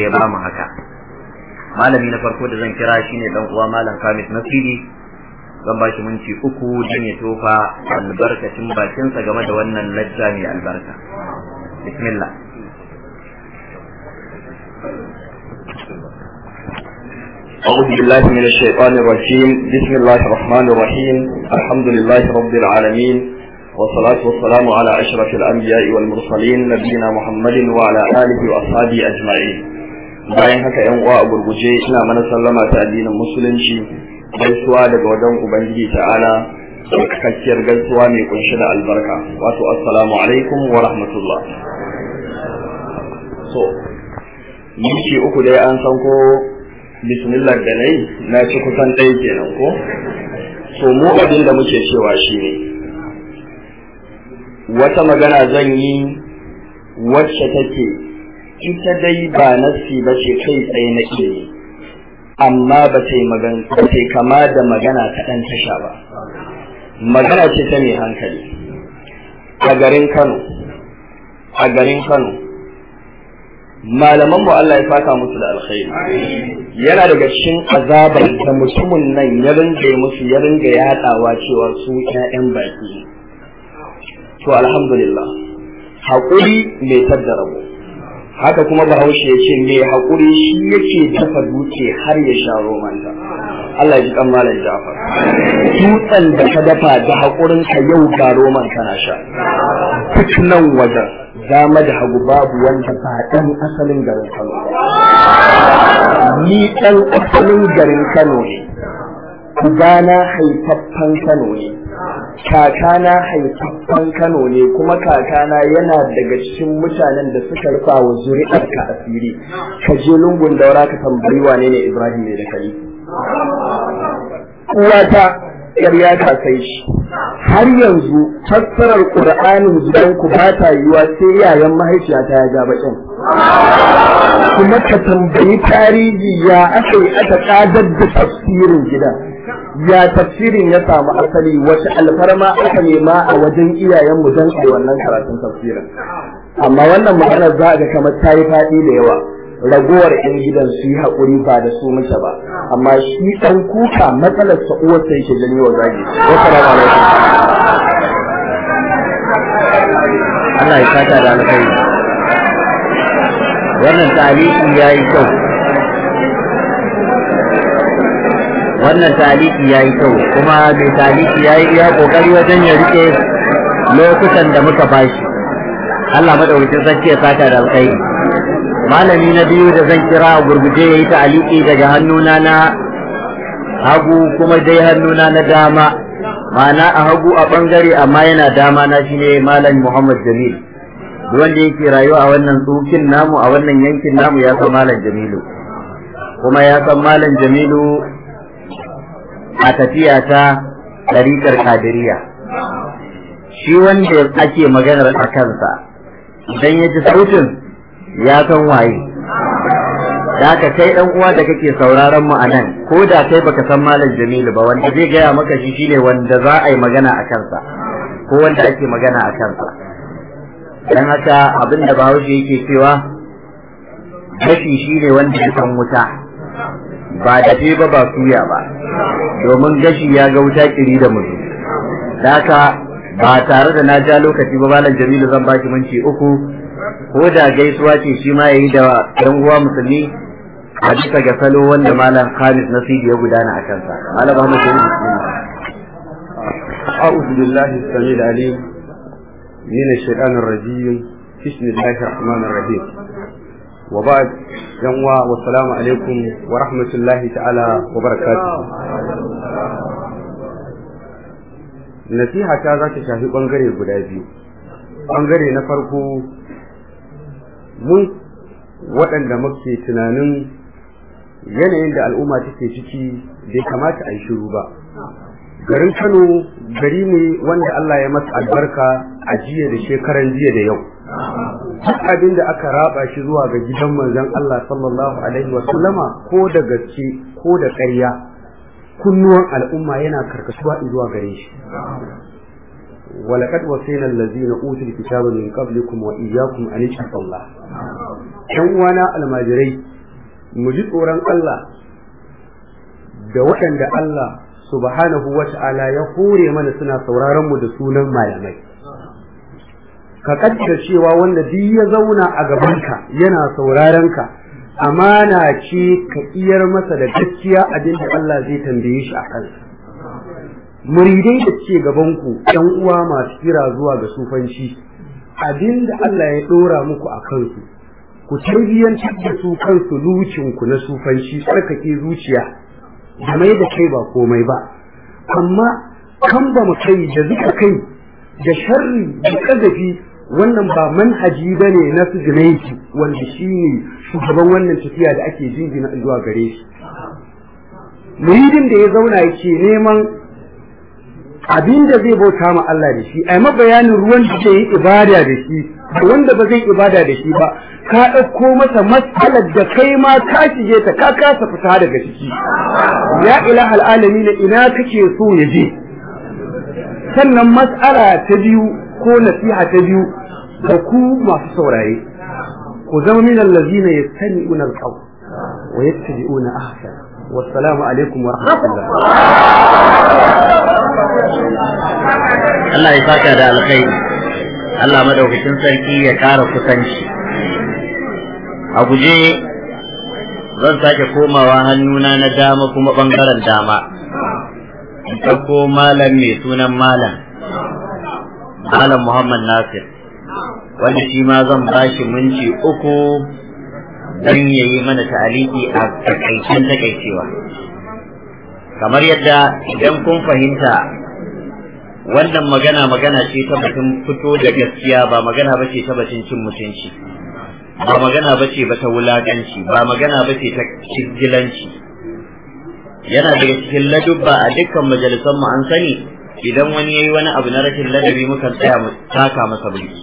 ya ba mu haka malami na farko da zan kira shine dan uwa malam Kamis Nasiri zan ba shi minti uku don ya tofa albarkacin bakin sa game da wannan lajja mai albarka bismillah أعوذ بالله من الشيطان الرجيم بسم الله الرحمن الرحيم الحمد لله رب العالمين والصلاة والسلام على أشرف الأنبياء والمرسلين نبينا محمد وعلى آله وأصحابه أجمعين bayan haka yan uwa a gurguje ina mana sallama ta addinin musulunci gaisuwa daga wajen ubangiji ta'ala da kakkiyar gaisuwa mai kunshi da albarka wato assalamu alaikum wa rahmatullah so minti uku dai an san ko bismillah da nayi na ci kusan ɗaya kenan ko so mu abin da muke cewa shi ne. wata magana zan yi wacce take ita dai ba nassi ba ce kai tsaye na yi, amma ba ta magana ta kama da magana kaɗan tasha ba magana ce ta mai hankali a garin kano a garin kano malaman Allah ya faka musu da alkhairi yana daga cikin azabar da mutumin nan ya ringa musu ya ringa yadawa cewa su ƴaƴan baki to alhamdulillah haƙuri mai tadda rabo haka kuma bahaushe ya ce mai haƙuri shi yake dafa dutse har ya sha romanta Allah ji kan malam Jafar dutsen da ka dafa da haƙurin ka yau ga roman kana sha nan wajen Zama da hagu babu wanda ba ɗan asalin garin Kano ni ɗan asalin garin Kano ne Ku gana haifaffen Kano ne kakana haifaffen Kano ne kuma kakana yana daga cikin mutanen da suka rufa wa zuri'ar ka asiri ka je lungun daura ka tambayi wane ne Ibrahim ne da kai uwata yarya ta sai shi har yanzu fassarar Qur'anin gidanku ba ta yiwa sai yayan mahaifiyata ya ja bakin kuma ka tambayi tarihi ya aka yi aka kadar da tafsirin gida ya tafsirin ya samu asali wace alfarma aka nema a wajen iyayenmu don a wannan karatun tafsirin amma wannan magana za ga kamar ta yi faɗi da yawa ragowar 'yan gidan su yi haƙuri ba da su mace ba amma shi ɗan kuka matsalar sa uwarsa yake janyo wa zagi Allah ya da alkhairi wannan tarihi ya yi kyau wannan taliki ya yi kyau kuma mai taliki ya yi iya kokari wajen ya rike lokutan da muka bashi Allah madaukakin sarki ya saka da alkai malami na biyu da zan kira a gurguje ya yi taliki daga hannuna na hagu kuma dai hannuna na dama ma'ana a hagu a bangare amma yana dama na shine malam Muhammad Jamil wanda yake rayuwa a wannan tsokin namu a wannan yankin namu ya san malam Jamilu kuma ya san malam Jamilu a tafiya ta ɗariƙar kadiriya shi wanda ake maganar a kansa idan ya ji sautin ya san waye da ka kai ɗan uwa da kake sauraron mu anan? ko da kai baka san malam jamilu ba wanda zai gaya maka shi shine wanda za a yi magana a kansa ko wanda ake magana a kansa don haka abinda bahaushe yake cewa shi shine wanda ya san wuta ba da ba ba suya ba domin gashi ya ga wuta kiri da mutu daka ba tare da na ja lokaci ba malam jamilu zan baki minti uku ko da gaisuwa ce shi ma yayi da yan uwa musulmi a bisa ga salo wanda malam Khamis Nasidi ya gudana a kansa malam Ahmad Jamilu أعوذ بالله السميع العليم da الشيطان الرجيم بسم الله الرحمن الرحيم wa ba yanwa wa assalamu alaikum wa rahmatullahi ta'ala wa nasiha ta za ta shafi bangare guda biyu bangare na farko mun waɗanda muke tunanin yanayin da al'umma take ciki bai kamata a yi shiru ba garin Kano gari ne wanda Allah ya masa albarka a jiya da shekaran jiya da yau duk abin da aka raba shi zuwa ga gidan manzon Allah sallallahu alaihi wasallama ko da gaske ko da ƙarya kunnuwan al'umma yana karkasuwa zuwa gare shi ولقد وصينا الذين اوتوا الكتاب من قبلكم واياكم ان اتقوا الله كان وانا الماجري mu ji tsoron Allah da waɗanda Allah subhanahu wata'ala ya kore mana suna sauraron mu da sunan malamai ka kaddara cewa wanda duk ya zauna a gabanka yana sauraron ka amana ce ka iyar masa da gaskiya abin da Allah zai tambaye shi a kansa muridai da gaban gabanku ƴan uwa masu kira zuwa ga sufanci abin da Allah ya ɗora muku a kansu ku tarbiyyantar da su kansu lucinku na sufanci tsarkake zuciya da mai da kai ba komai ba amma kan ba mu kai da zuka kai da sharri da kazafi wannan ba manhaji ba ne na su wanda shi ne shugaban wannan tafiya da ake jingina zuwa gare shi muridin da ya zauna yake neman abinda zai bauta ma Allah da shi ai bayanin ruwan da zai yi ibada da shi wanda ba zai ibada da shi ba ka ɗauko masa matsalar da kai ma ka shige ta ka kasa fita daga ciki ya ilahal alamin ina kake so ya je sannan matsala ta biyu ko nasiha ta biyu ga ku masu saurare ku zama min allazina yastami'una alqawl wa yattabi'una ahsana wassalamu alaikum wa rahmatullah Allah ya saka da alkhairi Allah madaukakin sarki ya kara kusanci a guje zan sake komawa hannuna na dama kuma ɓangaren dama in ɗauko malam mai sunan malam malam muhammad nasir wanda shi ma zan bashi minti uku dan yi mana ta'aliki a takaicen takaicewa kamar yadda idan kun fahimta wannan magana magana ce ta batun fito da gaskiya ba magana bace ta batun cin mutunci ba magana bace ba ta wulakanci ba magana bace ta kigilanci yana daga cikin ladubba a dukkan majalisan an sani idan wani yayi wani abu na rashin ladabi mukan tsaya mu taka masa bulki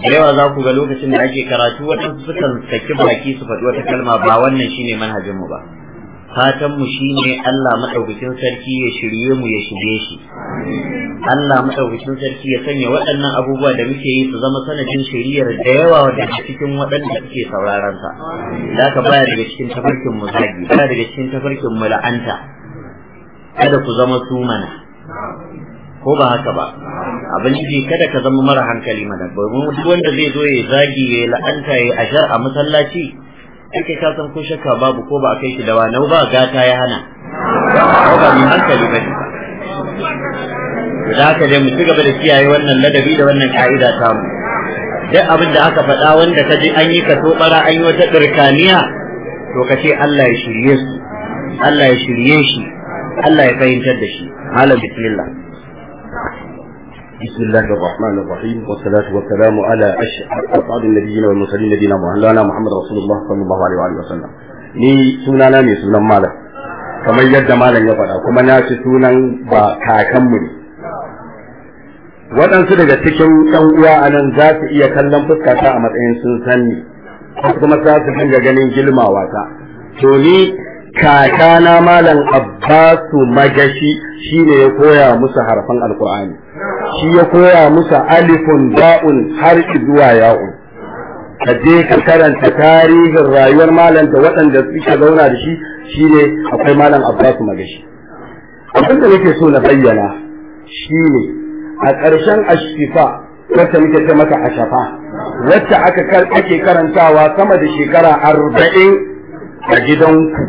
da yawa za ku ga lokacin da ake karatu waɗansu sukan saki baki su faɗi wata kalma ba wannan shine manhajin mu ba fatan mu shine Allah madaukakin sarki ya shirye mu ya shige shi Allah madaukakin sarki ya sanya waɗannan abubuwa da muke yi su zama sanadin shiriyar da yawa daga cikin waɗanda suke sauraron sa da ka baya daga cikin tafarkin mu zagi baya daga cikin tafarkin mu la'anta kada ku zama su mana ko ba haka ba abin nufi kada ka zama mara hankali mana domin duk wanda zai zo ya zagi ya la'anta ya ashar a masallaci ake ka san ko shakka babu ko ba a kai shi da wani ba gata ya hana ko ba mai hankali ba da haka dai mu ci gaba da kiyaye wannan ladabi da wannan ka'ida tamu duk abin da aka faɗa wanda ka ji an yi ka tobara an yi wata ɗirkaniya to ka ce Allah ya shirye su Allah ya shirye shi Allah ya fahimtar da shi malam bismillah بسم الله الرحمن الرحيم والصلاة والسلام على النبيين والمرسلين نبينا محمد رسول الله صلى الله عليه وآله وسلم ni sunana ne sunan malam kamar yadda malam ya faɗa kuma na ci sunan ba kakanmu ne waɗansu daga cikin ɗan uwa a za su iya kallon fuskata a matsayin sun sanni kuma za su dinga ganin gilmawa ta to ni kakana malam abbasu magashi shine ya koya musu harfan alkur'ani shi ya koya musu alifun ba'un har zuwa ya'un ka je ka karanta tarihin rayuwar malam da waɗanda suka zauna da shi shine akwai malam Abbasu Magashi abin da nake so na bayyana shine a ƙarshen ashifa wacce muke ce mata ashafa wacce aka ake karantawa sama da shekara arba'in a gidan ku.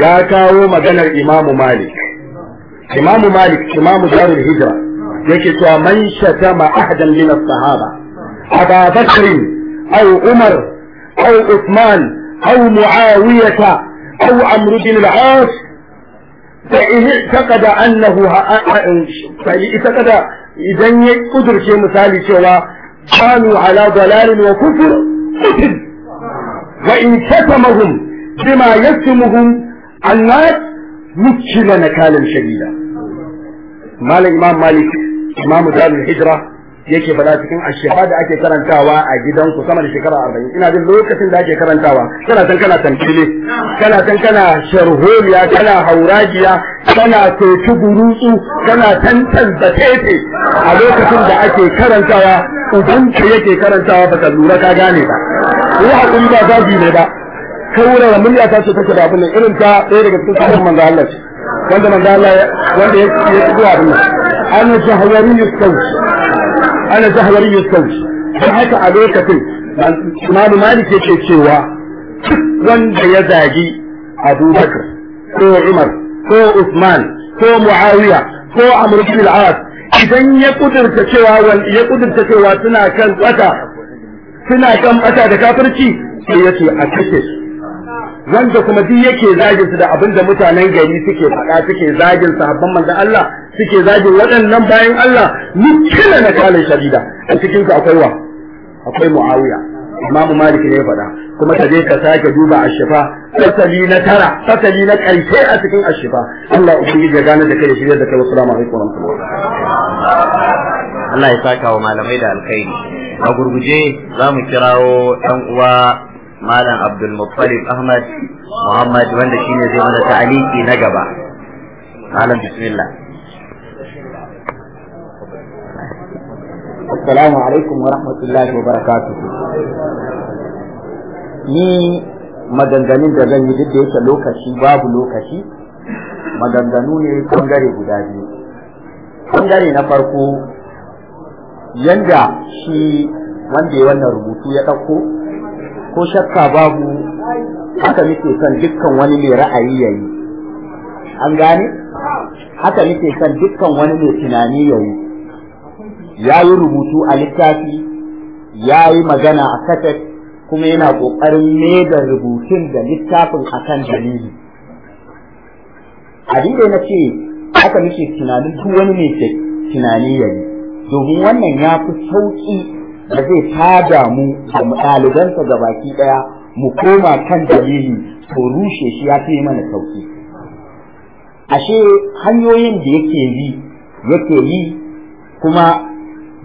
ya kawo maganar imamu malik إمام مالك إمام دار الهجرة يكتع من شتم أحدا من الصحابة أبا بكر أو عمر أو عثمان أو معاوية أو عمرو بن العاص فإن اعتقد أنه فإن اعتقد إذن يقدر شيء مثالي شواء كانوا على ضلال وكفر قتل وإن شتمهم بما يشتمهم الناس مكشل نكالا شديدا malam imam malik imamu darul hijra yake faɗa cikin ashiha da ake karantawa a gidanku sama da shekara arba'in ina jin lokacin da ake karantawa kana san kana tantile kana san kana sharholiya kana haurajiya kana teku burutsu kana tantan batete a lokacin da ake karantawa uban ka yake karantawa baka lura ka gane ba ko hakuri ba zabi ne ba kaurawa murya ta ce take da abin irin ta ɗaya daga cikin sabon manzo Allah wanda manzo Allah wanda ya ci abin nan ana jahwari sauti ana jahwari sauti dan haka a lokacin Imam Malik yake cewa wanda ya zagi Abu Bakar ko Umar ko Usman ko Muawiya ko Amr bin al-As idan ya kudurta cewa ya kudurta cewa suna kan tsaka suna kan bata da kafirci sai yace a kashe su wanda kuma duk yake zagin su da abin da mutanen gari suke faɗa suke zagin sahabban manzon Allah suke zagin waɗannan bayan Allah mutuna na kalin shadida a cikin su akwai wa akwai Muawiya Imam Malik ne ya faɗa kuma ka je ka sake duba ashifa fasali na tara fasali na ƙarshe a cikin ashifa Allah ubangiji ya gane da kai shirya da kai assalamu alaikum wa rahmatullahi Allah ya saka wa malamai da alkhairi a gurguje za mu kirawo ɗan uwa malam abdul muttalib ahmad muhammad wanda shine zai mana ta'aliki na gaba malam bismillah assalamu alaikum wa rahmatullahi wa barakatuh ni maganganun da zan yi duk da yake lokaci babu lokaci maganganu ne bangare guda biyu bangare na farko yanda shi wanda ya wannan rubutu ya ɗauko ko shakka babu haka muke son dukkan wani mai ra'ayi yayi an gane haka muke son dukkan wani mai tunani yayi ya yi rubutu a littafi ya yi magana a katak, kuma yana ƙoƙarin ne da rubutun da littafin akan dalili dai na ce haka muke tunanin duk wani mai tunani yayi domin wannan ya fi sauƙi da zai tada mu da mu ga baki ɗaya mu koma kan dalili to rushe shi ya fi mana sauki ashe hanyoyin da yake yi yake yi kuma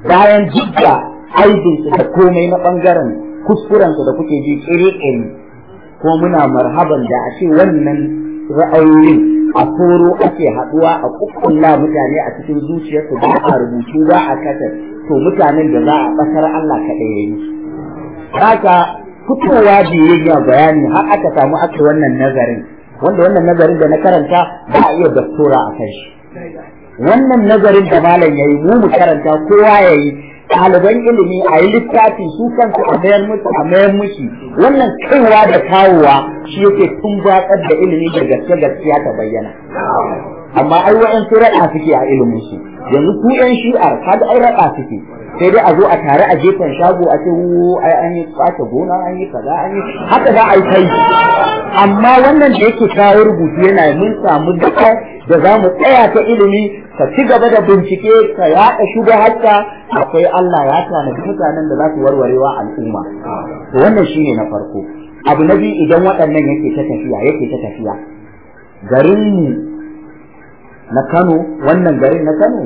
bayan jikka da da komai na ɓangaren kuskurensa da kuke ji ƙiri-ƙiri ko muna marhaban da ashe wannan ra'ayoyin a koro ake haɗuwa a kukkulla mutane a cikin zuciyarsu ba a rubutu ba a kasar to mutanen da za a ɓasar Allah kaɗai ya yi haka fitowa biyayya bayani har aka samu aka wannan nazarin wanda wannan nazarin da na karanta ba a iya dastura a kan shi wannan nazarin da malam ya yi mu mu karanta kowa ya yi ɗaliban ilimi a yi littafi su kansu a mayar musu a mayar mushi wannan kaiwa da kawowa shi yake tun da ilimi da gaske gaskiya ta bayyana amma ai wa'ansu raɗa suke a ilimin su yanzu ku yan shi'ar kaga ai raɗa suke sai dai a zo a tare a jefan shago a ce ai an yi kwace gona an yi kaza an yi haka za a yi kai amma wannan da yake kawo rubutu yana mun samu duka da za mu tsaya ta ilimi ka ci gaba da bincike ka yaɗa shuga hatta akwai Allah ya tanadi mutanen da za su warwarewa al'umma wannan shine na farko abu na biyu idan waɗannan yake ta tafiya yake ta tafiya garin na Kano wannan garin na Kano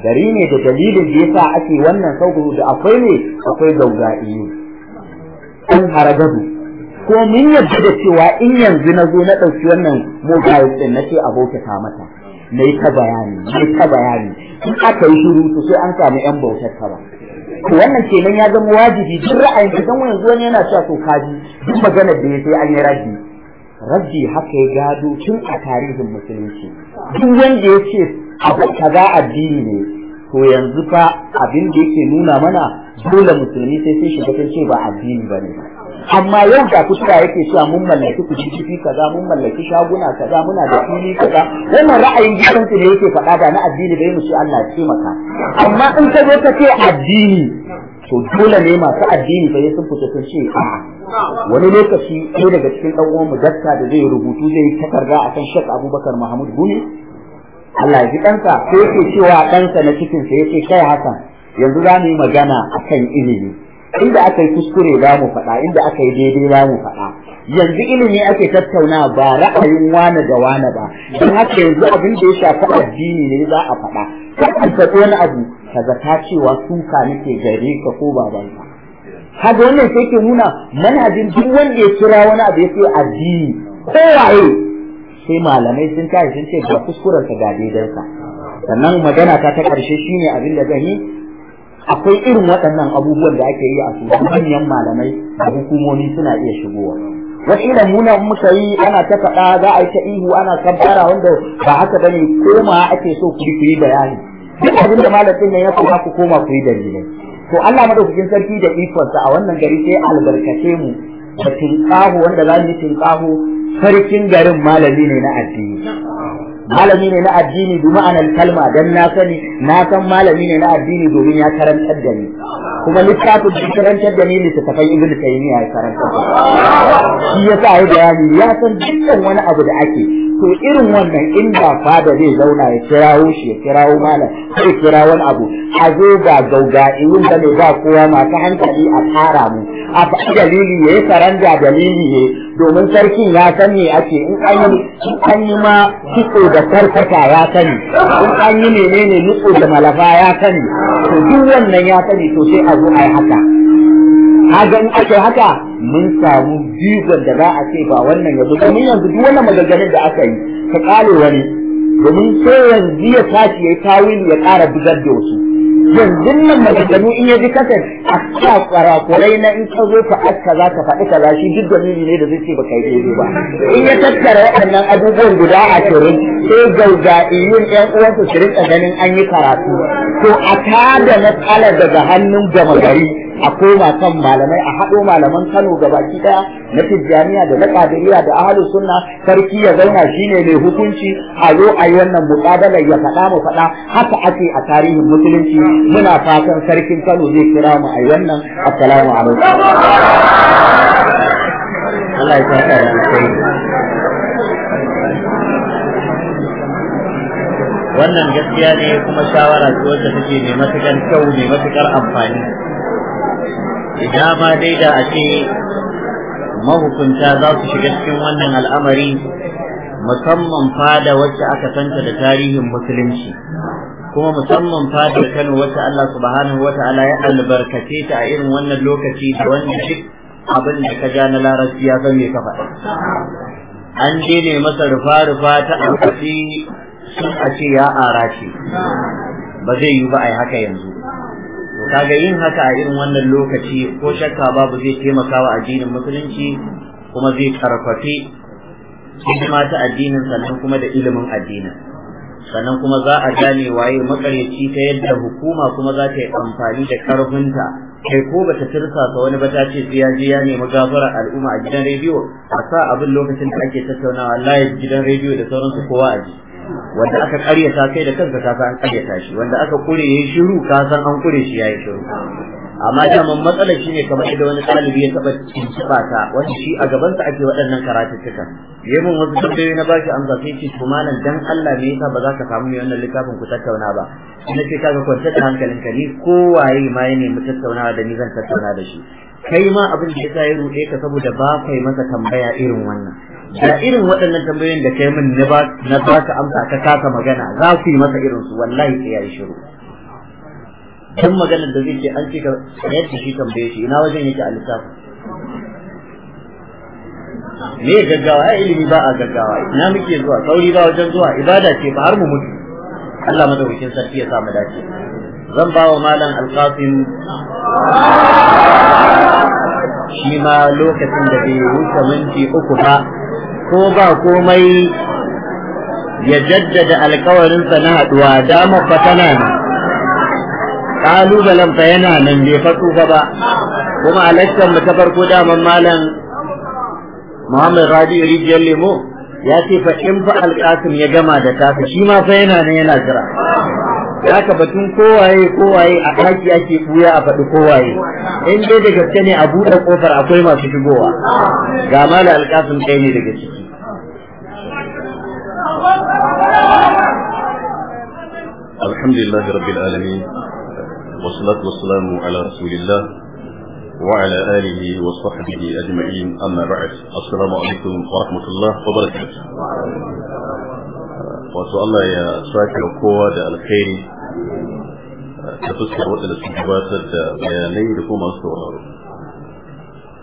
gari ne da dalilin da yasa ake wannan sauku da akwai ne akwai gauga'iyu an haragadu ko mun yadda da cewa in yanzu na zo na ɗauki wannan mobile ɗin na ce ta mata na yi ta bayani na yi ta bayani in aka yi shiru to sai an samu yan bautar ta ba wannan kenan ya zama wajibi duk ra'ayin da dan yanzu wani yana cewa to kaji duk maganar da ya sai an yi radi Rabbi haka ya gado tun a tarihin musulunci duk wanda ya ce abu kaza addini ne to yanzu fa abin da yake nuna mana dole musulmi sai sai shiga sun ce ba addini ba ne amma yau da kusa yake cewa mun mallaki ku ciki kaza mun mallaki shaguna kaza muna da fili kaza wannan ra'ayin gidansu ne yake faɗa da na addini bai mu shi Allah ya taimaka amma in ka zo ka ce addini to dole ne masu addini ya sun fita sun ce a wani lokaci ɗaya daga cikin ɗan uwan dakta da zai rubutu zai yi takarda akan Sheikh Abubakar Mahmud Gumi Allah ya ji ɗansa sai yake cewa ɗansa na cikin sa yake kai Hassan yanzu za mu yi magana akan ilimi inda aka yi kuskure za mu faɗa inda aka yi daidai za mu faɗa yanzu ilimi ake tattauna ba ra'ayin wane da wane ba don haka yanzu abin da ya shafi addini ne za a faɗa kan wani abu ka ta cewa suka nake gare ka ko babanka haka wannan sai ke nuna manhajin duk wanda ya kira wani abu ya ce addini kowaye sai malamai sun tashi sun ce ga kuskuren ka ga ka sannan magana ta ta karshe shine abin da zan yi akwai irin waɗannan abubuwan da ake yi a su manyan malamai da hukumomi suna iya shigowa wakila muna muka yi ana ta faɗa za a yi ta ihu ana kabbara wanda ba haka bane koma ake so kuri yi bayani duk abin da malamin nan ya kuma ku koma ku yi dalilai to Allah madaukakin sarki da ikonsa a wannan gari sai albarkace mu da tinkahu wanda za mu yi tinkahu sarkin garin malami ne na addini malami ne na addini bi anan kalma dan na sani na san malami ne na addini domin ya karantar da ni kuma littafin da karantar da ni littafin ibnu taymiya ya karantar da ni shi yasa ya bayani ya san dukkan wani abu da ake to irin wannan inda fada zai zauna ya kirawo shi ya kirawo malam ko kira wani abu a zo ga gauga irin da ne ba kowa masu hankali a fara mu a faɗi dalili ya yi saranda dalili ne domin sarkin ya san me ake in an yi in an yi ma kitso da karkata ya sani in an yi menene nutso da malafa ya sani to duk wannan ya sani to sai a zo a yi haka hagan ake haka mun samu jigon da za a ce ba wannan yanzu domin yanzu duk wannan da aka yi ta kare wani domin so yanzu ya tashi ya tawili ya kara bugar da wasu yanzu nan maganganu in ya ji kasa a sa kwarakwarai na in ka zo ka aska za ka faɗi kaza shi duk dalili ne da zai ce baka yi daidai ba in ya tattara waɗannan abubuwan guda a ashirin sai gaugaiyun ƴan uwansu su rinka ganin an yi karatu to a tada matsalar daga hannun gama gari a koma kan malamai a haɗo malaman Kano gaba baki ɗaya na Tijjaniya da na Qadiriyya da Ahlus Sunna sarki ya zauna shine mai hukunci a zo a yi wannan muƙabalar ya faɗa mu faɗa haka ake a tarihin musulunci muna fatan sarkin Kano zai kira mu a yi wannan assalamu alaikum Allah ya saka wannan gaskiya ne kuma shawara ce wacce take mai matukar kyau mai matukar amfani ma dai da a ce mahukunta za su shiga cikin wannan al'amari musamman fada wacce aka santa da tarihin musulunci kuma musamman fadar Kano wacce Allah subhanahu Ta'ala ya albarkace ta a irin wannan lokaci da wanda duk abin da ka ja na larabci ya san ka faɗa an je ne masa rufa-rufa ta alkaci sun a ce ya ara ba zai yi ba a yi haka yanzu kaga yin haka a irin wannan lokaci ko shakka babu zai taimaka wa addinin musulunci kuma zai karfafi hidima ta addinin sannan kuma da ilimin addinin sannan kuma za a gane waye makaryaci ta yadda hukuma kuma za ta yi amfani da karfinta kai ko bata tirsasa wani ba ta ce ya je ya nemi gafara al'umma a gidan rediyo a sa abin lokacin da ake tattaunawa live gidan rediyo da sauransu kowa a ji wanda aka karyata kai da kanka ka san an karyata shi wanda aka kure yayi shiru ka san an kure shi yayi shiru amma da matsalar matsala ne kamar idan wani talibi ya taba tuntuɓa ta wanda shi a gabansa ake waɗannan karatuttuka ya mun wasu tambayoyi na bashi an sai ki kuma nan dan Allah me yasa ba za ka samu wannan littafin ku tattauna ba Ina ce kaga kwance da ka ni kowaye ma ya nemi tattaunawa da ni zan tattauna da shi kai ma abin da yasa ya ruɗe ka saboda ba kai masa tambaya irin wannan da irin waɗannan tambayoyin da kai min na ba ka amsa ka kasa magana za su yi masa irin su wallahi sai ya shiru Tun magana da zai ce an ce ka yadda shi tambaye shi ina wajen yake a littafin me gaggawa ai ilimi ba a gaggawa ina muke zuwa sauri ba wajen zuwa ibada ce ba har mu mutu Allah madaukakin sarki ya sa mu dace zan ba wa malam alqasim shi ma lokacin da bai wuce minti uku ba ko ba komai ya jaddada alkawarinsa na haɗuwa dama fa tana nan ƙalubalen fa yana nan bai fa ba kuma alaskar mu ta farko daman malam muhammad rabi'u rijiyar lemo ya ce fa in fa alƙasim ya gama da tasa shi ma fa yana nan yana jira za ka batun kowaye kowaye a ɗaki ake ɓuya a faɗi kowaye in dai da gaske ne a buɗe ƙofar akwai masu shigowa ga mala alƙasun ɗaya ne daga ciki الحمد لله رب العالمين والصلاة والسلام wa رسول الله وعلى آله وصحبه أجمعين أما بعد السلام عليكم ورحمة الله وبركاته Wasu Allah ya sake kowa da alkhairi uh, ta fuskar waɗanda su gabatar da bayanai da kuma masu sauraro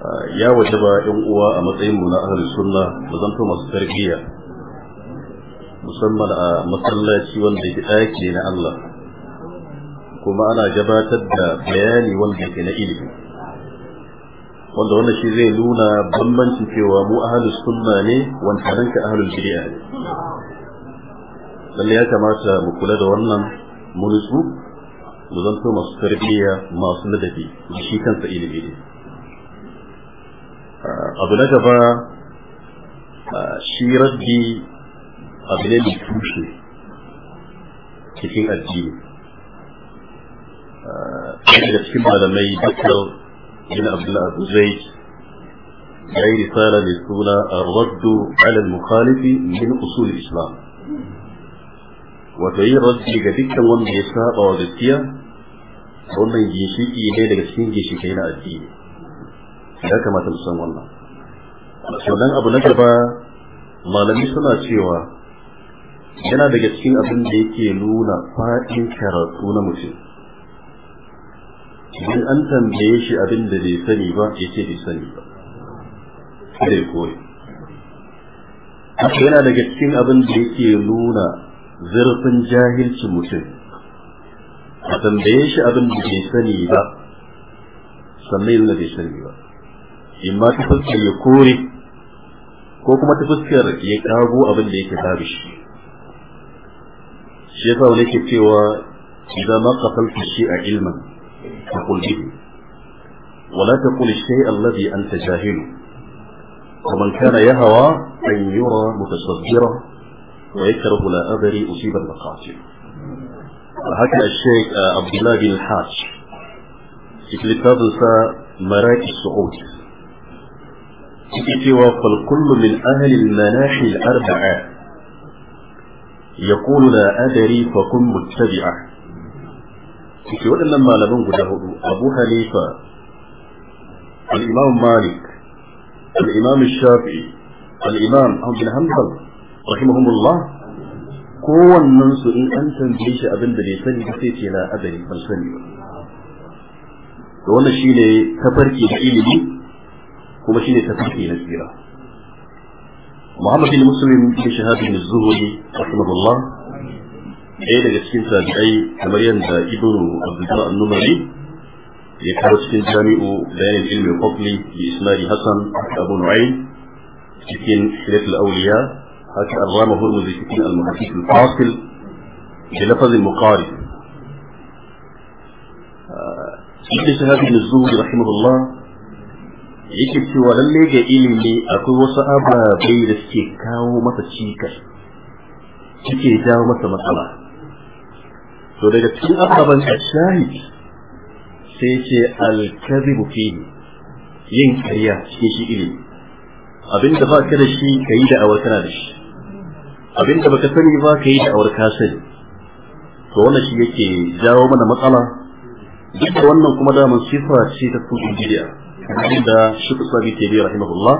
uh, ya waje ba yan uwa a matsayin mu na ahli sunna mu zanto masu tarbiyya musamman a masallaci wanda ke ɗaki na Allah kuma ana gabatar da bayani wanda ke na ilimi wanda wannan shi zai nuna bambancin cewa mu ahlus sunna ne wanda ranka ahlul bid'a ne lalle ya kamata mu kula da wannan mu zan mu zanto masu tarbiyya masu ladabi shi kansa ilimi ne ah, abu na gaba ah, shi raddi abu ne mai tushe cikin addini ah, ɗaya da cikin malamai bakar yana abdullahi abu zai ya yi risala mai suna a raddu alal mukhalifi min usul islam wato yin rabbi ga dukkan wanda ya saba wa gaskiya wannan ginshiki ne daga cikin ginshikai na addini ya kamata mu san wannan dan abu na gaba malami suna cewa yana daga cikin abin da yake nuna fadin karatu na mutum idan an tambaye shi abin da bai sani ba ya ce bai sani ba sai koyi haka yana daga cikin abin da yake nuna zurfin jahilcin mutum a tambaye shi abin da bai sani ba sannan yana bai sani ba in ma ta fuskar ya kore ko kuma ta fuskar ya kago abin da yake babu shi shi yasa wani ke cewa idza ma qatalta shay'a ilman faqul bihi wa la taqul shay'a alladhi anta jahilu ومن كان يهوى أن يرى متصدرا ويكره لا أدري أصيب المقاتل وهكذا الشيخ آه، عبد الله بن الحاج في كتاب مراكز السعود سوى فالكل من أهل المناحي الأربعة يقول لا أدري فكن متبعة في وقت لما لم يقول أبو حنيفة الإمام مالك الإمام الشافعي الإمام أحمد بن حنبل rahimahumullah kowannen su in an tambaye shi abin da bai sani ba sai ce na adari ban sani ba to wannan shine tafarki da ilimi kuma shine tafarki na tsira Muhammad bin Muslim bin Shahab bin Zuhri rahimahullah ɗaya daga cikin tabi'ai kamar yadda Ibn Abdullah an-Numari ya kawo cikin jami'u bayanin ilmi fadli bi Isma'il Hassan Abu Nu'aym cikin Hilal Awliya الرام هو المزيكتين المحيط الفاصل بلفظ المقارب آه، ابن شهاب بن الزهري رحمه الله يكتب في ولله علمي اكو وسا ابا بير كاو ما تشيك تشيك جاو ما تمطلع تو دغه تشي ابا الشاهد سيكي الكذب فيه ينكريا شي شي علم ابن دفا كده شي كيده او كده شي Abinda da baka sani ba ka yi da aure sani to wannan shi yake jawo mana matsala duk da wannan kuma da mun sifa ce ta kudin jiya. kamar da shi kusabi ke bi rahimahullah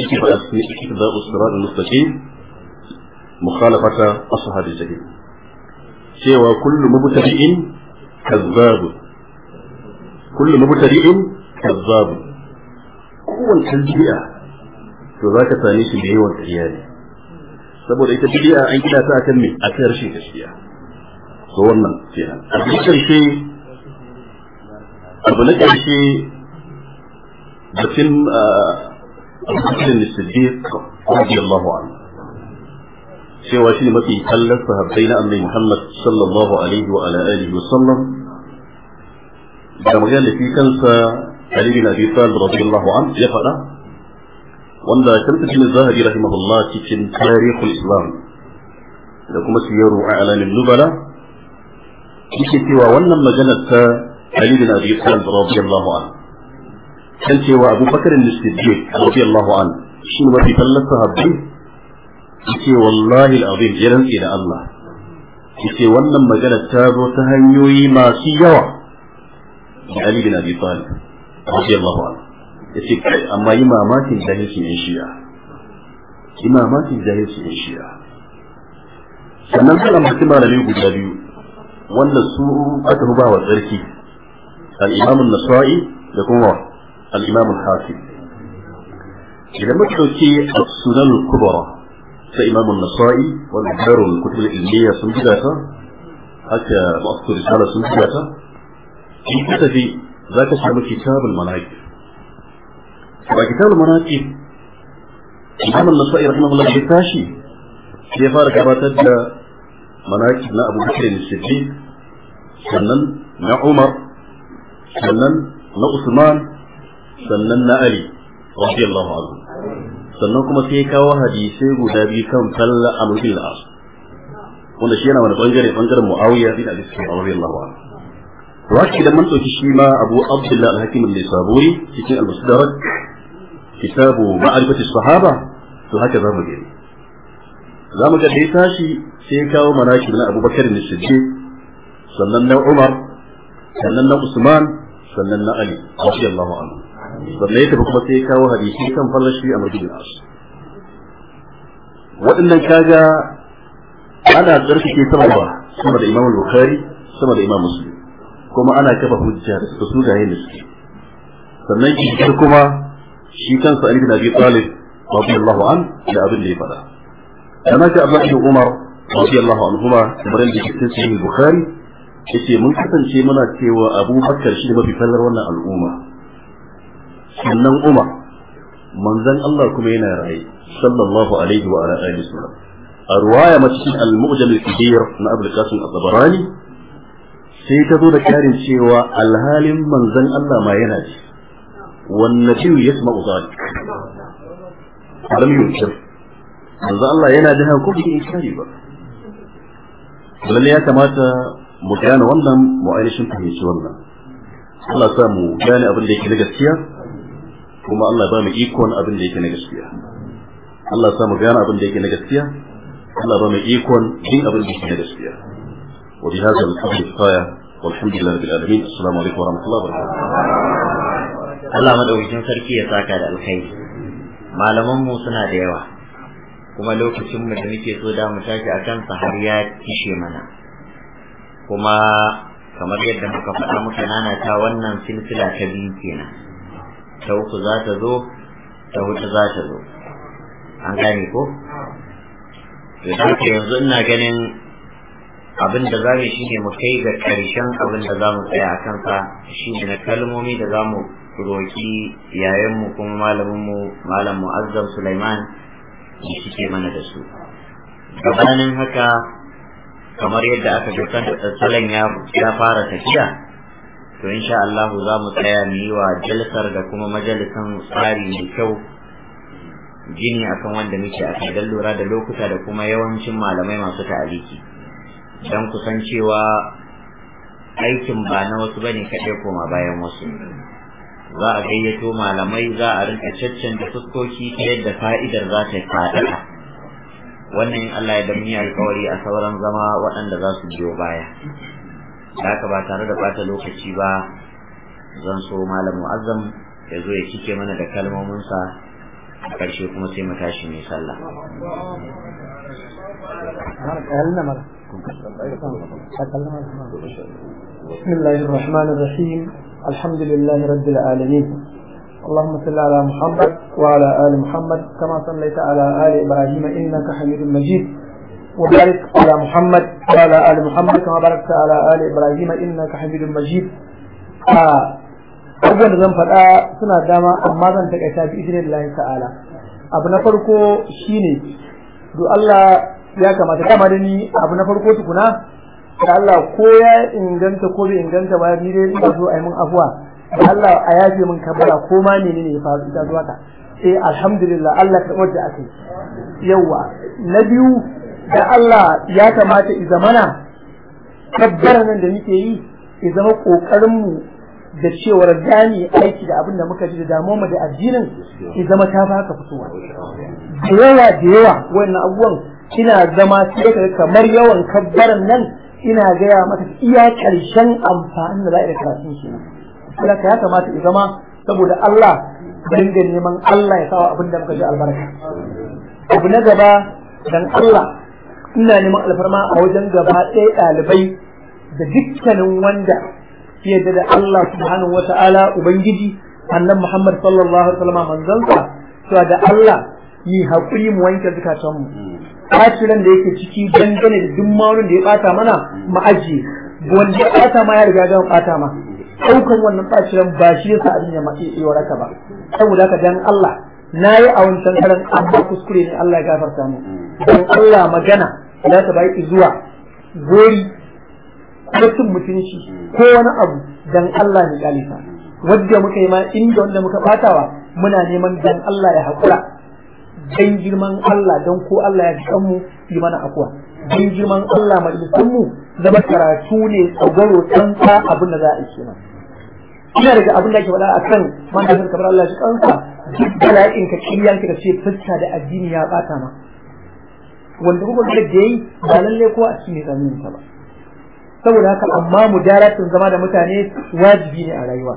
yake fada cikin iktida'u sirat al-mustaqim mukhalafata ashabi jahil cewa kullu mubtadi'in kazzab kullu mubtadi'in kazzabu. kowace jiya. to zaka sani shi da yawan ƙarya saboda ita bid'a an kida ta akan me a akan shi gaskiya so wannan kenan a karshe abu na karshe batun Abu Bakr Siddiq radiyallahu anhu cewa shi mafi kallon sahabbai na annabi Muhammad sallallahu alaihi wa ala alihi wa sallam da magana da shi kansa Ali bin Abi Talib radiyallahu anhu ya faɗa wanda shamsuddin zahiri rahimahullah cikin tarihul islam da kuma siyaru a alamin nubala yake cewa wannan magana ta ali bin abi talib radiyallahu anhu kan cewa abu bakar al-siddiq radiyallahu anhu shi ne mafi tallar sahabbai yake wallahi al-azim ya rantsi da Allah yake wannan magana ta zo ta hanyoyi masu yawa da ali bin abi talib radiyallahu anhu ya ce kai amma yi mamakin jahilcin yan shi'a yi mamakin jahilcin yan shi'a sannan kan ambaci malami guda biyu wanda su aka ba wa tsarki al'imamun nasa'i da kuma al'imamun hafi idan muka ɗauki a sunan kubara ta imamun nasa'i wanda darun kutubul ilmiya sun buga ta haka masu risala sun buga ta in ka tafi za ka samu kitabul manaqib ba kitabul manaqib Imam an-Nasa'i rahimahullah ya tashi sai fara gabatar da manaqib na Abu Bakr as-Siddiq sannan na Umar sannan na Usman sannan na Ali radiyallahu anhu sannan kuma sai kawo hadisai guda biyu kan Talla Amr al-As wanda shi yana wani bangare bangaren Muawiya bin Abi Sufyan radiyallahu anhu wasu idan mun ɗauki shi ma Abu Abdullah al-Hakim al-Saburi cikin al-Musdarak kitabu ma'arifati sahaba to haka za mu gani za mu ga da tashi sai kawo manaki na abubakar ne siddiq sannan na umar sannan na usman sannan na ali radiyallahu anhu sannan ya kuma sai kawo hadisi kan fallashi a madina waɗannan kaga ana tsarkake sama ba sama da imam bukhari sama da imam muslim kuma ana kafa hujja da su da yin suke sannan kuma shi kansa Ali bin Abi Talib radiyallahu an da abin da ya faɗa kana ce Abdullah bin Umar radiyallahu anhuma kamar yadda ke cikin sahih Bukhari yace mun kasance muna cewa Abu Bakar shi da mafi fallar wannan al'umma sannan Umar manzon Allah kuma yana raye sallallahu alaihi wa ala alihi wasallam a ruwaya masjid al-mu'jam al-kabir na Abdul Qasim al-Tabarani sai ta zo da karin cewa alhalin manzon Allah ma yana ji والنبي يسمع ذلك لم ينكر manzo Allah yana da ko bai inkari ba lalle ya kamata mu gane wannan mu ainihin fahimci wannan Allah sa mu gane abin da yake na gaskiya kuma Allah ba mu abin da yake na gaskiya Allah gane abin da na gaskiya na والحمد لله رب العالمين السلام عليكم ورحمه الله وبركاته Allah madaukakin sarki ya saka da alkhairi malaman mu suna da yawa kuma lokacin mu da muke so da mu tashi akan sa har ya kishe mana kuma kamar yadda muka faɗa muka nana ta wannan silsila ta biyu kenan ta uku za ta zo ta huɗu za ta zo an gane ko to da yanzu ina ganin abin da za mu shi ne mu kai ga ƙarshen abin da za mu tsaya a kansa shi ne na kalmomi da za mu roki yayanmu kuma malaminmu malam mu'azzam Sulaiman da suke mana da su gabanin haka kamar yadda aka ga kan salon ya fara tafiya to insha Allah za mu tsaya mu yi wa jalsar da kuma majalisan tsari mai kyau jini akan wanda muke a kan lura da lokuta da kuma yawancin malamai masu ta'aliki don kusan cewa aikin ba na wasu bane kaɗai koma bayan wasu za a gayyato malamai za a rinka caccanta fuskoki ta yadda fa'idar za ta faɗaɗa wannan in Allah ya da alƙawari a sauran zama waɗanda za su biyo baya da haka ba tare da ɓata lokaci ba zan so malam mu'azzam ya zo ya cike mana da kalmominsa a ƙarshe kuma sai mu tashi mai sallah بسم الله الرحمن الرحيم الحمد لله رب العالمين اللهم صل على محمد وعلى آل محمد كما صليت على آل إبراهيم إنك حميد مجيد وبارك على محمد وعلى آل محمد كما باركت على آل إبراهيم إنك حميد مجيد abubuwan da zan faɗa suna dama amma zan taƙaita bi izinin Allah ta'ala abu na farko shine do Allah ya kamata kama da ni abu na farko tukuna da Allah ko ya inganta ko bai inganta ba ni dai ina so a yi min afuwa da Allah a yafe min kabara ko ma ne ne ya faru ita zuwa ka eh alhamdulillah Allah karɓar da aka yi yawa na biyu da Allah ya kamata i zamana nan da muke yi i zama ƙoƙarin mu da cewar gane aiki da abin da muka ji da mu da addinin i zama ta baka fitowa da yawa da yawa wannan abubuwan kina zama sai kamar yawan kabbaran nan ina gaya mata iya karshen amfanin da za a karatun shi kuma ya kamata ya zama saboda Allah dinga neman Allah ya sawa abin da muka ji albarka abu na gaba dan Allah ina neman alfarma a wajen gaba ɗaya ɗalibai da dukkanin wanda ke da Allah subhanahu wata'ala ubangiji annan Muhammad sallallahu alaihi wasallam manzansa cewa da Allah yi hakuri mu wanke mu. ɓacin da yake ciki dangane da duk maunin da ya ɓata mana ma'aji wanda ya ɓata ma ya riga gama ɓata ma ɗaukan wannan ɓacin ba shi yasa abin ya mace ya waraka ba saboda haka dan Allah na yi a wancan karan amma kuskure ne Allah ya gafarta mu Don Allah magana ya ta yi zuwa gori ko mutunci ko wani abu dan Allah ne kalifa wadda muka yi ma inda wanda muka ɓatawa muna neman dan Allah ya haƙura dan girman Allah dan ko Allah ya san mu yi mana afuwa dan girman Allah mai san mu zama karatu ne tsagaro ka abin da za a yi ina daga abin da ke faɗa akan manhajin kabar Allah shi kansa duk bala'in ka kiyan ka ce fuska da addini ya bata ma wanda kuma da yayi ba lalle ko a cikin zamanin ta ba saboda haka amma mujaratun zama da mutane wajibi ne a rayuwa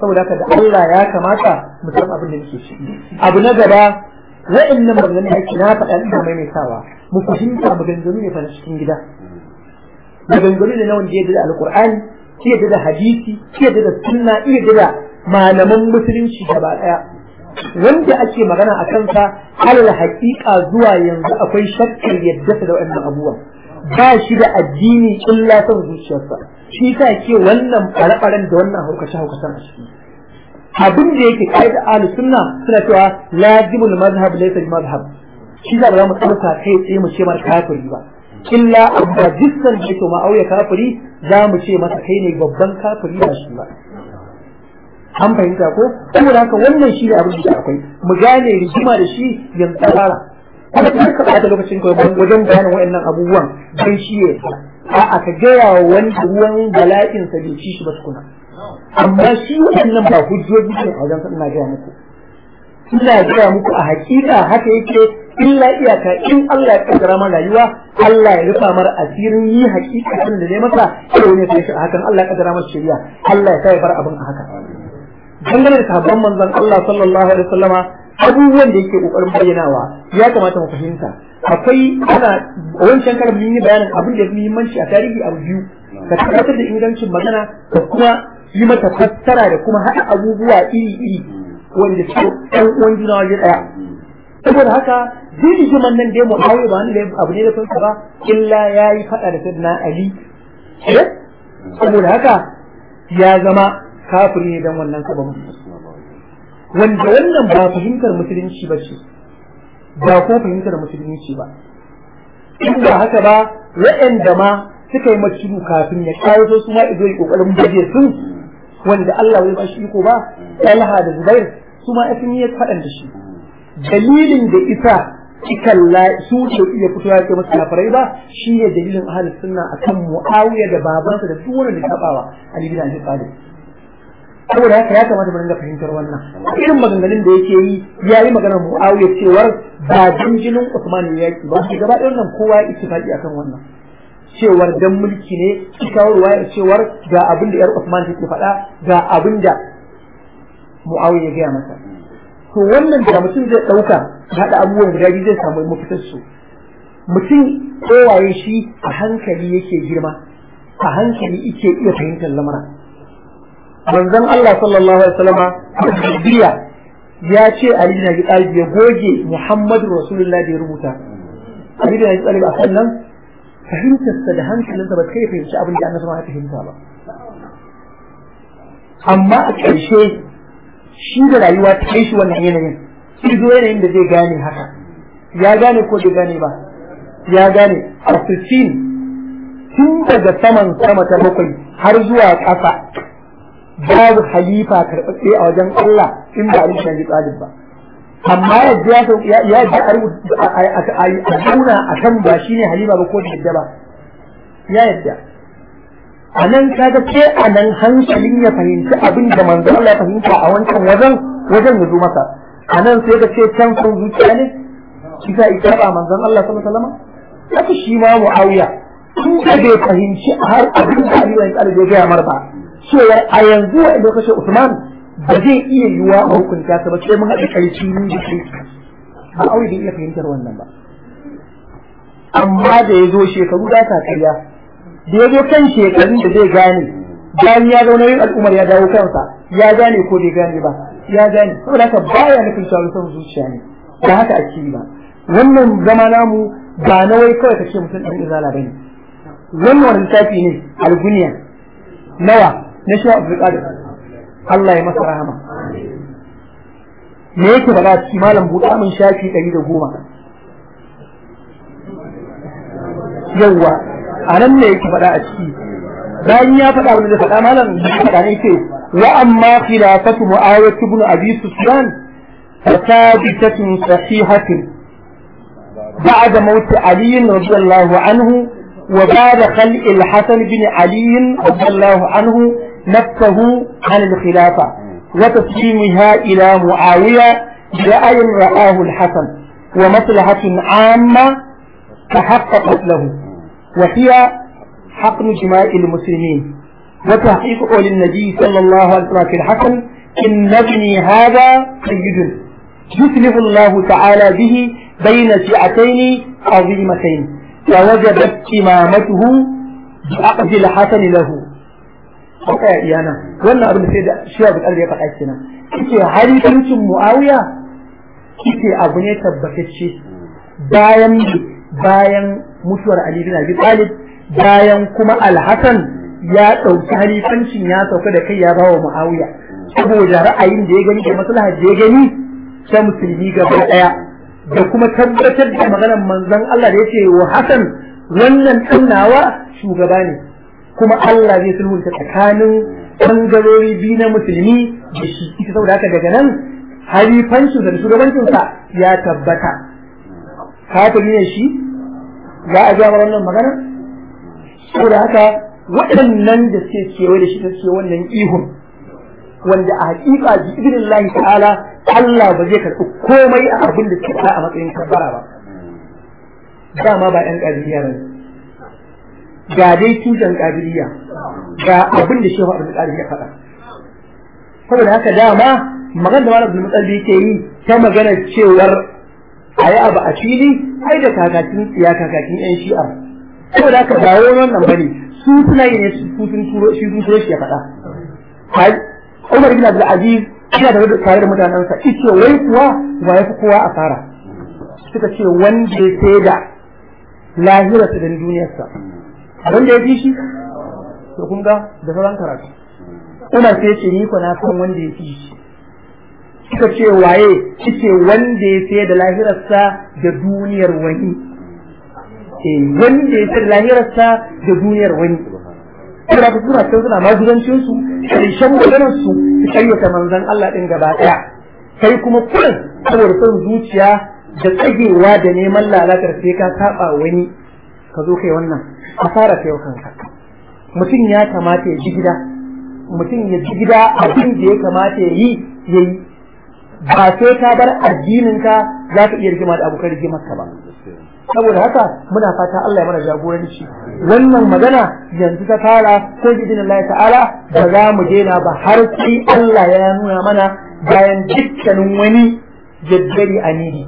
saboda haka da Allah ya kamata mu san abin da yake shi. abu na gaba wa'annan maganganun da ake na faɗa ina maimaitawa mu fahimta maganganu ne fara cikin gida maganganu ne na wanda ya da alqur'ani iya da hadisi iya da sunna iya da malaman musulunci gaba daya wanda ake magana a kansa alal haƙiƙa zuwa yanzu akwai shakkar yadda da wannan abubuwan ba shi da addini illa son zuciyarsa shi ta ke wannan fara faren da wannan haukace-haukacen a ciki abin da yake kaida ahli sunna suna cewa lajibul mazhab laysa bi mazhab shi za mu tsarka kai tsaye mu ce mar kafiri ba illa abba jissan da yake auya kafiri za mu ce masa kai ne babban kafiri ba shi ba an fahimta ko saboda haka wannan shi ne abin da akwai mu gane rigima da shi yanzu tsara kuma kar ka bata lokacin ka wajen bayanin waɗannan abubuwan dan shi ya a'a ka gaya wa wani ruwan bala'in sa bai ci shi ba tukuna amma shi waɗannan ba hujjoji ne a wajen gaya muku ina gaya muku a hakika haka yake illa iyaka in Allah ya kaddara mana rayuwa Allah ya rufa mara asirin yi hakika tun da ne masa sai ne sai haka hakan Allah ya kaddara masa shari'a Allah ya sai bar abin a haka dangane da sabon manzon Allah sallallahu alaihi wasallama abubuwan da yake kokarin bayyanawa ya kamata mu fahimta akwai ana wancan karin yi bayanin abin da muhimmanci a tarihi a biyu ka tabbatar da ingancin magana da kuma yi mata fassara da kuma haɗa abubuwa iri-iri wanda su ɗan uwan juna waje ɗaya saboda haka jirgiman nan da dai mu'awiya ba wani abu ne da kansa ba illa ya yi faɗa da sayyidina ali eh? saboda haka ya zama kafiri ne don wannan sabon wanda wannan ba fahimtar musulunci ba ce ba ko fahimtar musulunci ba in ba haka ba waɗanda ma suka yi maciru kafin ya kawo su ma izo yi kokarin baje sun wanda Allah bai ba shi iko ba Talha da Zubair su ma sun yi faɗan da shi dalilin da isa ikalla su ce iya fitowa ya masa kafirai ba shi ne dalilin ahalin sunna akan Muawiya da babansa da duk wanda ya tabawa Ali bin Abi Talib saboda haka ya kamata mu dinga fahimtar wannan irin maganganun da yake yi ya yi maganar Muawiya cewar ba jinjinin Usman ya yaki ba shi gaba ɗayan nan kowa ya ittifaqi akan wannan cewar dan mulki ne kawarwa ya cewar ga abin da yar Usman take faɗa ga abin da Muawiya ya gaya masa to wannan da mutum zai ɗauka haɗa abubuwan guda biyu zai samu mafitar su mutum kowaye shi a hankali yake girma a hankali yake iya fahimtar lamura manzon Allah sallallahu alaihi wasallama a ya ce Ali bin Abi Talib goge Muhammadu Rasulullah da ya rubuta Ali bin Abi Talib a kan fahimtarsa da hankalinsa ba kai fahimci abin da annabi ya fahimta ba amma a ƙarshe shi da rayuwa ta kai shi wannan yanayin shi zo yanayin da zai gane haka ya gane ko bai gane ba ya gane a tun daga saman sama ta bakwai har zuwa ƙasa babu halifa karɓaɓɓe a wajen Allah in ba yi Shaji Talib ba amma yadda ya ya ji a zauna a kan ba shi ne halima ba ko da yadda ba ya yadda a nan ga ke a nan hankalin ya fahimci abin da manzo Allah ya fahimta a wancan wajen wajen ya zo masa a nan sai ga ce can kun zuciya ne shi ita ba manzon Allah sallallahu alaihi wasallam haka shi ma Muawiya tun da bai fahimci har abin da Allah ya tsare ya ga marfa cewa a yanzu a lokacin Usman ba zai iya yiwa a hukunta ta ba sai mun haɗa ƙarfi ni da shi ba aure da iya fahimtar wannan ba amma da ya zo shekaru za ta kariya da ya zo kan shekarun da zai gane bayan ya zauna yin al'ummar ya dawo kansa ya gane ko bai gane ba ya gane saboda haka baya nufin shawarar sun zuciya ne da haka ake yi ba wannan zama namu ba na wai kawai kace mutum ɗan izala ba ne wannan wani tafi ne alguniya nawa na shi abdulkadir Allah ya masa rahama me yake faɗa ci malam buɗa min shafi ɗari da goma yawwa a nan ne yake faɗa a ciki bayan ya faɗa wani da faɗa malam ya faɗa ne ce wa amma khilafatu mu'awiyah ibn abi sufyan fathabitatun sahihatun بعد موت علي رضي الله عنه وبعد خلق الحسن بن علي رضي الله عنه نفسه عن الخلافة وتسليمها إلى معاوية برأي رآه الحسن ومصلحة عامة تحققت له وهي حقن جماع المسلمين وتحقيق قول النبي صلى الله عليه وسلم في الحسن إن ابني هذا سيد يسلف الله تعالى به بين فئتين عظيمتين فوجبت إمامته بعقد الحسن له a ya iya nan wannan abin sai da shi abu ya faɗa kenan kike halifancin muawiya kike abu ne tabbatacce bayan bayan mutuwar ali bin abi talib bayan kuma al-hasan ya ɗauki harifancin ya sauka da kai ya ba wa muawiya saboda ra'ayin da ya gani da maslahar da ya gani ta musulmi gaba ɗaya da kuma tabbatar da maganar manzon Allah da ya wa Hassan wannan ɗan nawa shugaba ne kuma Allah zai sulhunta tsakanin bangarori biyu na musulmi da shi ita saboda haka daga nan halifancinsa da shugabancinsa ya tabbata kafiri ne shi za a gaya wannan magana saboda haka waɗannan da suke kewaye da shi ta ce wannan ihun wanda a hakika bi lahi ta'ala Allah ba zai karɓi komai a abin da suke a matsayin kabbara ba dama ba 'yan ƙarfi ne ga dai tushen kadiriya ga abin da shehu abin ya faɗa saboda haka dama magana da wani abin mutsalbi ke yi ta magana cewar a yi abu a fili ai da kakakin ya kakakin yan shi'a saboda haka ba wani wannan ne, su suna yin su sun turo shi sun turo shi ya faɗa Umar bin Abdul Aziz yana da wani tare da mutanensa ce wai kuwa ba ya fi kowa a fara suka ce wanda ya sai da lahirarsa da duniyarsa wanda ya fi shi to kun ga da sauran karatu Umar sai ce ni ko na san wanda ya fi shi kika ce waye kike wanda ya sayar da lahirarsa da duniyar wani eh wanda ya sayar da lahirarsa da duniyar wani kuma ku suna kan suna mazugancin su karshen maganar su su kayyata manzon Allah din gaba daya kai kuma kullum saboda son zuciya da tsagewa da neman lalatar sai ka saba wani ka zo kai wannan asara kai ka mutum ya kamata ya ji gida mutum ya ji gida abin da ya kamata ya yi ya yi ba sai ka bar addininka za ka iya rigima da abokan rigimar ka ba saboda haka muna fata Allah ya mana jagoranci wannan magana yanzu ta fara ko bi Allah ta'ala ba za mu daina ba har sai Allah ya nuna mana bayan dukkanin wani jaddari anidi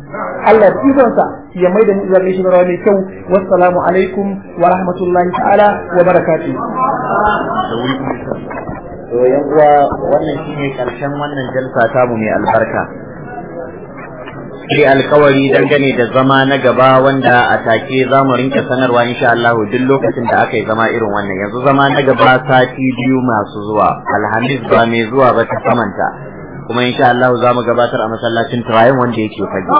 Allah tsifansa ya mai da mu shi gaishe rawa mai kyau wassalamu alaikum wa rahmatullahi ta'ala wa barakatuh to yan uwa wannan shine karshen wannan jalsa ta mu mai albarka sai alkawari dangane da zama na gaba wanda a take za mu rinka sanarwa insha Allah duk lokacin da aka yi zama irin wannan yanzu zama na gaba sati biyu masu zuwa alhamis ba mai zuwa ba ta samanta kuma insha Allah za mu gabatar a masallacin turayen wanda yake fage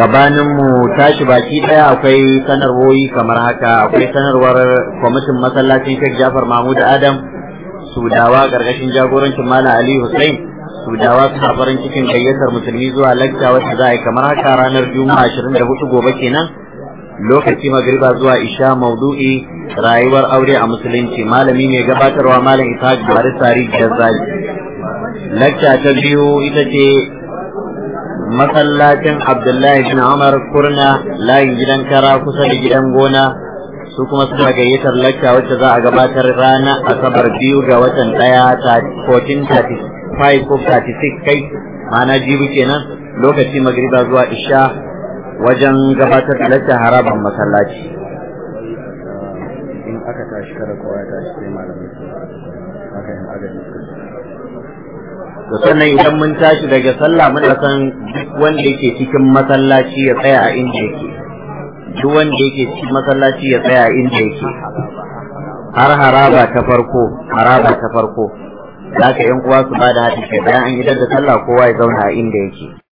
gabanin mu tashi baki daya akwai sanarwoyi kamar haka akwai sanarwar kwamitin masallacin Sheikh Jafar Mahmud Adam Sudawa gargashin jagorancin Malam Ali Hussein Sudawa suna farin cikin gayyatar musulmi zuwa lakta wacce za a yi kamar haka ranar Juma'a 24 gobe kenan lokaci magriba zuwa isha maudu'i rayuwar aure a musulunci malami mai gabatarwa malam ishaq buhari sari jazzali lakta ta biyu ita ce masallacin abdullahi bin umar kurna layin gidan kara kusa da gidan gona su kuma suna gayyatar lakta wacce za a gabatar rana asabar biyu ga watan ɗaya 1435 ko 36 kai ma'ana jibi kenan lokaci magriba zuwa isha wajen gabatar da lacca haraban masallaci in aka tashi kada kowa ya tashi sai malamai aka in agaji to sannan idan mun tashi daga sallah muna san duk wanda yake cikin masallaci ya tsaya a inda yake duk wanda yake cikin masallaci ya tsaya a inda yake har haraba ta farko haraba ta farko za ka yan uwa su ba da hadisi bayan an idan da sallah kowa ya zauna a inda yake